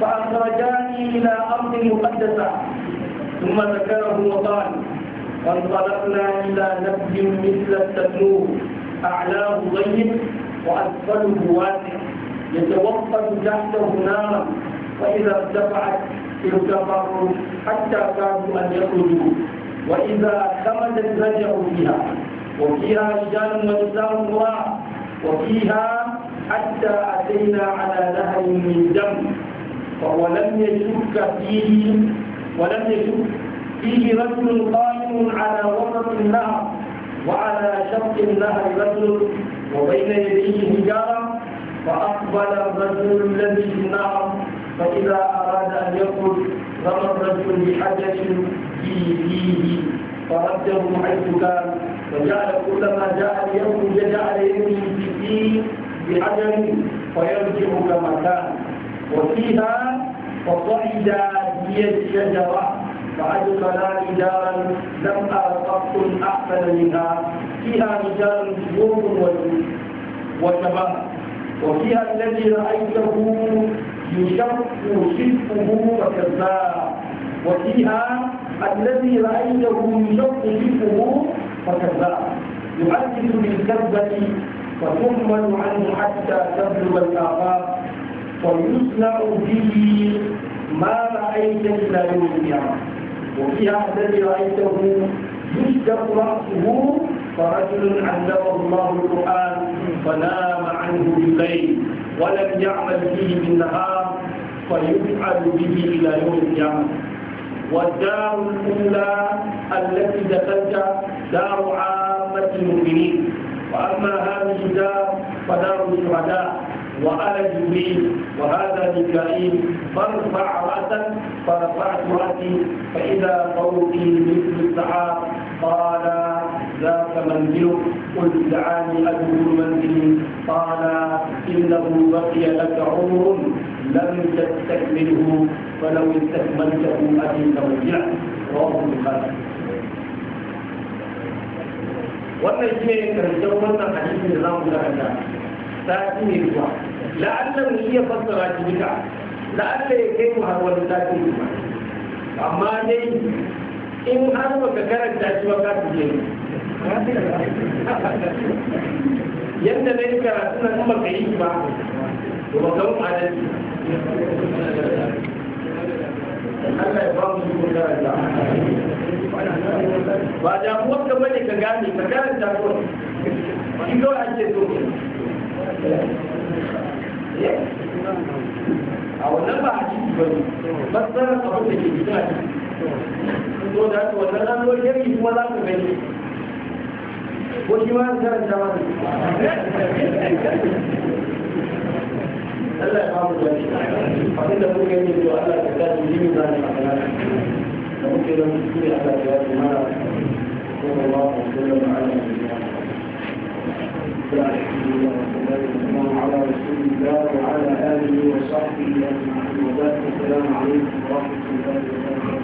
فأخرجاني إلى أرض مقدسة ثم ذكره وقال فانطلقنا إلى نبي مثل التنور أعلاه ضيق وأسفله واسع يتوقد تحته نارا فإذا ارتفعت ارتفعوا حتى كادوا أن يخرجوا وإذا خمدت رجعوا فيها وفيها رجال ونساء مراع وفيها حتى أتينا على نهر من دم فهو لم يشك فيه ولم يشك فيه رجل قائم على وسط النهر وعلى شرق النهر رجل وبين يديه حجارة فأقبل الرجل الذي في النهر فإذا أراد أن يقول رمى الرجل بحجر فيه فرده حيث كان وجعل كلما جاء اليوم يجعل يده في فيه بحجر ويرجع كما كان وفيها فصعد هي الشجرة لا رجالا لم أر قط أحسن منها فيها رجال جيوب وشباب وفيها الذي رأيته يشق شفه فكذاب وفيها الذي رأيته يشق شفه فكذاب يحدث بالكذبة وتهمل عنه حتى تبلغ الآفاق ويصنع به ما رأيت إلى يوم وفيها الذي رأيته يشق رأسه فرجل علمه الله القرآن فنام عنه بالليل ولم يعمل به بالنهار فيفعل به إلى يوم القيامة والدار الأولى التي دخلت دار عامة المؤمنين وأما هذه الدار فدار الشهداء وأنا جبريل وهذا ميكائيل فارفع رأسك فرفعت رأسي فإذا فوقي مثل السحاب قال ذاك منزل قلت دعاني أدخل منزلي قال إنه بقي لك عمر لم تستكمله فلو استكملته أتيت مرجعه رواه البخاري wannan shi ne karshen wannan hadisin da za mu karanta sati ne kuwa la'alla mu iya fassara shi duka la'alla ya kai mu har wani sati ne amma dai in har baka karanta shi ba ka fi yadda na yi karatu na kuma ka yi ba to ba kawo a nan Allah ya ba mu su kuma karanta ba damuwar ka bane ka gane ka karanta ko shi kawai ake so a wannan ba a ciki ba ne fassarar abin da ke gida ne to da haka wannan ranar yari kuma za ka gani ko shi ma karanta ma Allah ya kawo da shi abin da muke yi to Allah ya kawo shi ne zan magana da muke da mutum ya Allah ya kawo mana sallallahu alaihi wa sallam على رسول الله وعلى آله وصحبه أجمعين وبارك السلام عليكم ورحمة الله وبركاته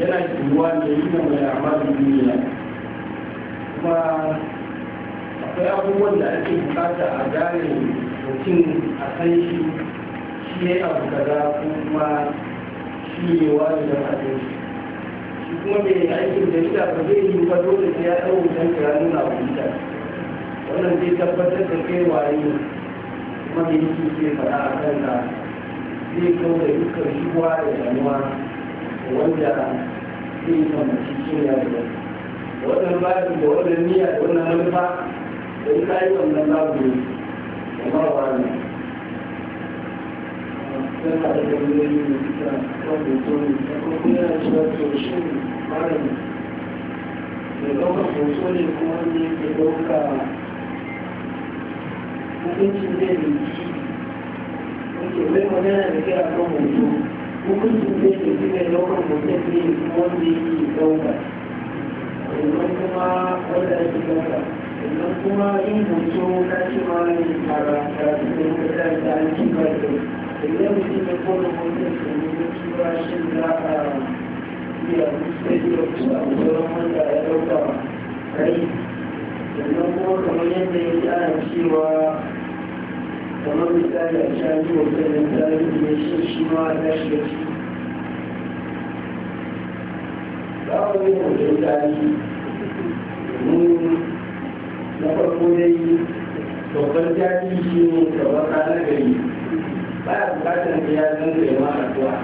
yana kiruwa da yi na mai amalin duniya kuma akwai abubuwan da ake bukata a gane mutum a san shi shi ya abu kaza ko kuma shi ne wani da fadin shi kuma mai aikin jarida ba zai yi ba dole sai ya ɗau wutan kira nuna wuta wannan zai tabbatar da kai waye kuma da yake ke faɗa a kanta zai kawo da dukkan shigowa da damuwa wanda zai kamaci cinya da wani wannan babu da wannan niyya da wannan manufa don kayi wannan babu ne amma ba ne don ka da ne da da ne kuma ne hukuncin da ke cikin daukar mutum ne wanda yake dauka sannan kuma wanda ake dauka sannan kuma yin hoto na ce ma ne tara karatu da ta an ci ba da idan mutum ya kone mutum da mutum ci ba shi za a iya musulmi da su a wurin wanda ya dauka rai sannan kuma kamar yadda ya ji ana cewa kamar misali a shani wa kanin tarihi ne shi shi ma a tashi da shi za mu yi hoton tarihi domin na farko dai babban tarihi shi ne kamar ranar gari ba a bukatar da zan kai ma addu'a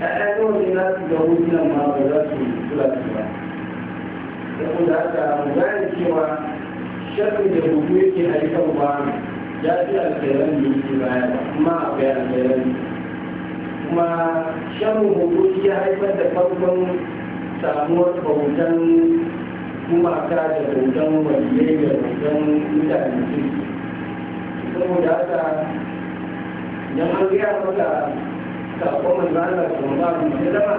ɗaya kawai ne da su ga ba za su kula su ba mu cewa da ya fi alkhairan da yake baya kuma kuma shan hudu ya haifar da farkon samuwar bautan gumaka da bautan waliyai da bautan mutane saboda haka idan an gaya maka sakon manzana kuma ba mu da dama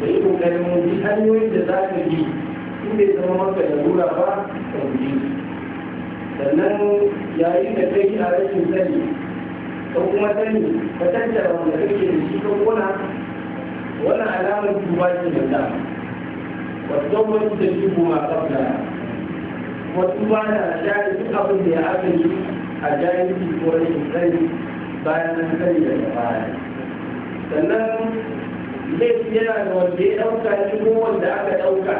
da yi kokarin bi hanyoyin da za ka bi in bai zama maka da lura ba ka guji sannan yayin da kai a rashin sani ko kuma sani ka tattara wanda kake da shi ka kona wannan alamar duba ce da ta wato wani da shi kuma a kafla wasu ba na da duk abin da ya aka yi a jahilci ko rashin sani bayan an sani daga baya sannan laifi yana da wanda ya ɗauka shi ko wanda aka ɗauka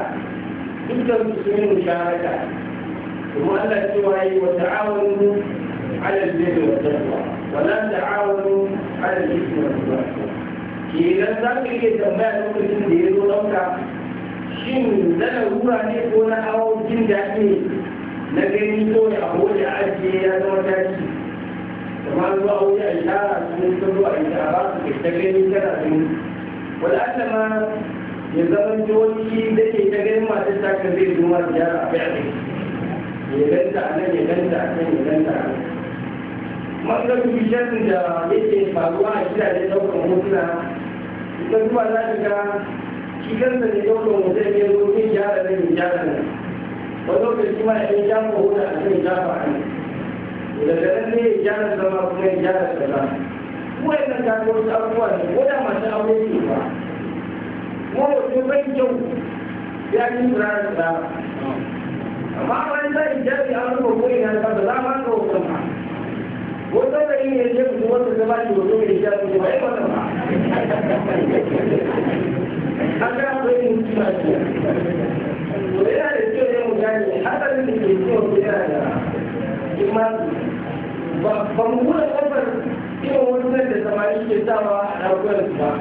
dukkan su sun yi musharaka kuma Allah cewa yi wa ta'awunu ala al-birri wa taqwa wa la ta'awunu za ka iya tambaya lokacin da ya zo ɗauka shin na larura ne ko na hawan jin daɗi na gani ko ya abu da ajiye ya zama tashi kamar zuwa wuri a shara sun sun zuwa a shara su ke ta gani tana sun wadda ma ya zama jiwoci da ke ta gani masu takar zai zuma ziyara a bai ya a nan ya a nan ya a matsalar bishan da yake faruwa a gidajen ɗaukar hotuna ita zuwa za ta ga shi kansa ne ɗaukar hoton ya zo zai gyara nan ya gyara nan wani lokaci ma ya jafa hotuna a kan jafa a ne daga nan ne ya gyara zama kuma ya gyara zama kuma yana kawo wasu abubuwa ne ko da masu aure ne ba kuma wasu bai kyau ya yi tsirara amma wani sa hijabi an rufe ko ina ta da zama ka wuce ma wata da yin yanzu ku kuma zama ki wato mai hijabi ko ai ba ma an ga ko yin kima ce to yana da kyau ne mu gane hadarin da ke cikin wato yana da imani ba mu buɗe kofar irin wani da samari ke sawa a ɗaukar ba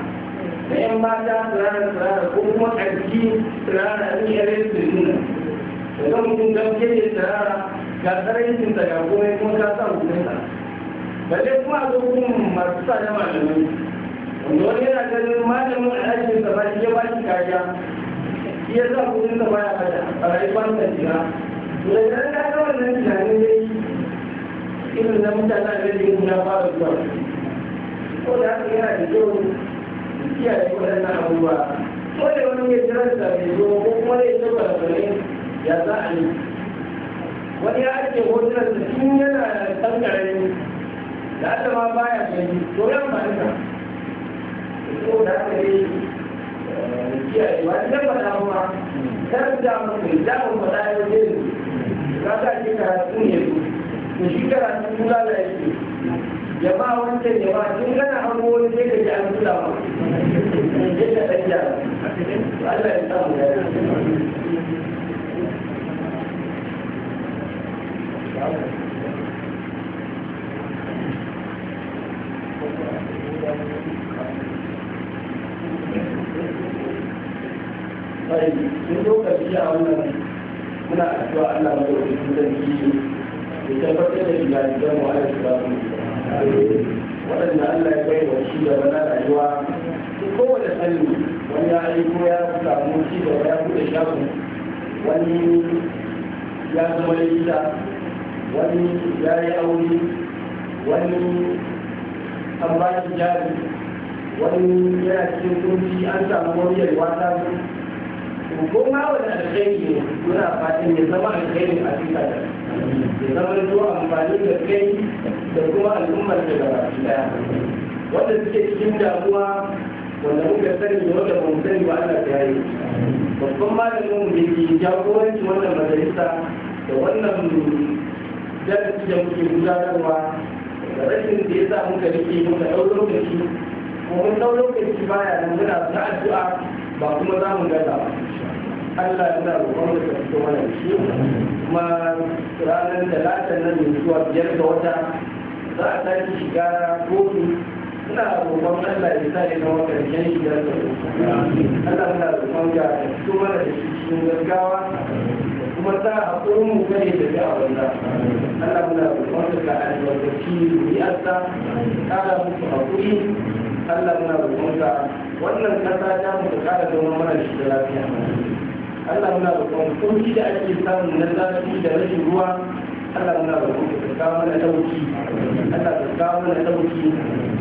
da 'yan mata tsirara tsirara ko kuma ƙarfi tsirara a cikin yare su idan mutum don keke tsirara ga tsaraicin da ga kuma kuma ka sa mutum sa balle kuma a zo kuma masu sa da malamai wanda wani yana ganin malamin alhajin sa ba shi ya ba shi kariya iya sa kudin sa baya fada a rayuwar sa jira to da kan ka ga wannan tunanin dai irin na mutane da yake ya fara zuwa ko da haka yana da kyau kiyaye waɗannan abubuwa ko da wani ya jira da bai zo ko kuma ya zo da ya za a yi wani ya ake hotunan da tun yana ɗan ƙarami da aka ma baya gani to ya ni ka ko da aka yi eh, kiyaye ba ni zan faɗa kuma kar da mutum za mu faɗa yau ne ka sa ke karatu ne to shi karatu kula da yake ya ba wancan ya ba tun kana hango wani sai ka ji an kula ba ya ta ɗan Allah ya samu ya sai in lokaci a wannan muna addu'a Allah mai wajen sarki ya tabbatar da shiga gidan mu ala shiga mu waɗanda Allah ya bai wa shi da na rayuwa kowane fanni wani ya aiko ya samu ci gaba ya buɗe shago wani ya zama likita wani ya yi aure wani an ba shi jari wani yana cikin kunci an samu wani yalwa ta ko ma wani alkhairi ne muna fatan ya zama alkhairi a cikin ya zama zuwa amfani da kai da kuma al'ummar da gaba daya wanda suke cikin damuwa wanda muka sani da wanda ba mu sani ba ana tare babban malamin mu yake jagoranci wannan majalisa da wannan darasi da muke gudanarwa da rashin da ya sa muka rike muka ɗau lokaci kuma ɗau lokaci baya nan muna ta addu'a ba kuma za mu gaza Allah yana roƙon da fito mana da shi kuma ranar talatan nan mai zuwa biyar ga wata za a sake shiga kotu ina roƙon Allah ya sa yana zama ƙarshen shigar da Allah yana roƙon ga fito mana da shi cikin gaggawa kuma sa haƙurin mu kare da ya wanda Allah muna roƙon ka albarkaci ta ƙara musu haƙuri Allah muna ka wannan kasa ta mu ka ƙara zama mana shi da lafiya Allah muna roƙon sauki da ake samu na zafi da rashin ruwa Allah muna roƙon ka kawo mana dauki Allah ka mana dauki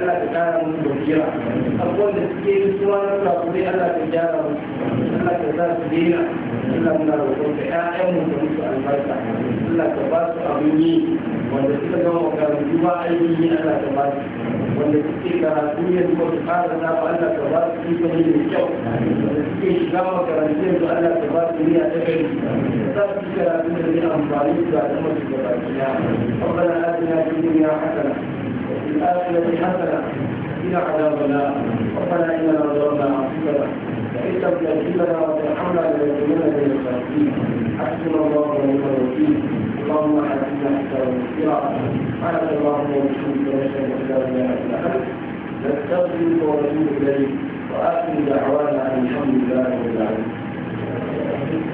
Allah ka kara musu basira abubuwan da suke yi kuma na kurakurai Allah ka gyara musu Allah ka za su daina Allah muna roƙon ka ƴaƴanmu ka musu albarka Allah ka ba su abin yi wanda suka gama makarantu ba aikin yi Allah ka ba su wanda suke karatu yanzu ba su fara na ba Allah ka ba su ikon yi da kyau wanda suke shiga makarantu yanzu Allah ka ba su niyya ta kai za su karatu da ne amfani da kuma su gaba ɗaya. ربنا آتنا في ya حسنة وفي الآخرة حسنة إلى عذابنا ربنا إننا ظلمنا أنفسنا فإن لم تغفر وترحمنا لنكونن من الخاسرين حسبنا الله ونعم الوكيل اللهم حسبنا حسابا كثيرا سبحانك اللهم وبحمدك أن لا إله إلا أنت نستغفرك ونتوب إليك وآخر دعوانا أن الحمد لله رب العالمين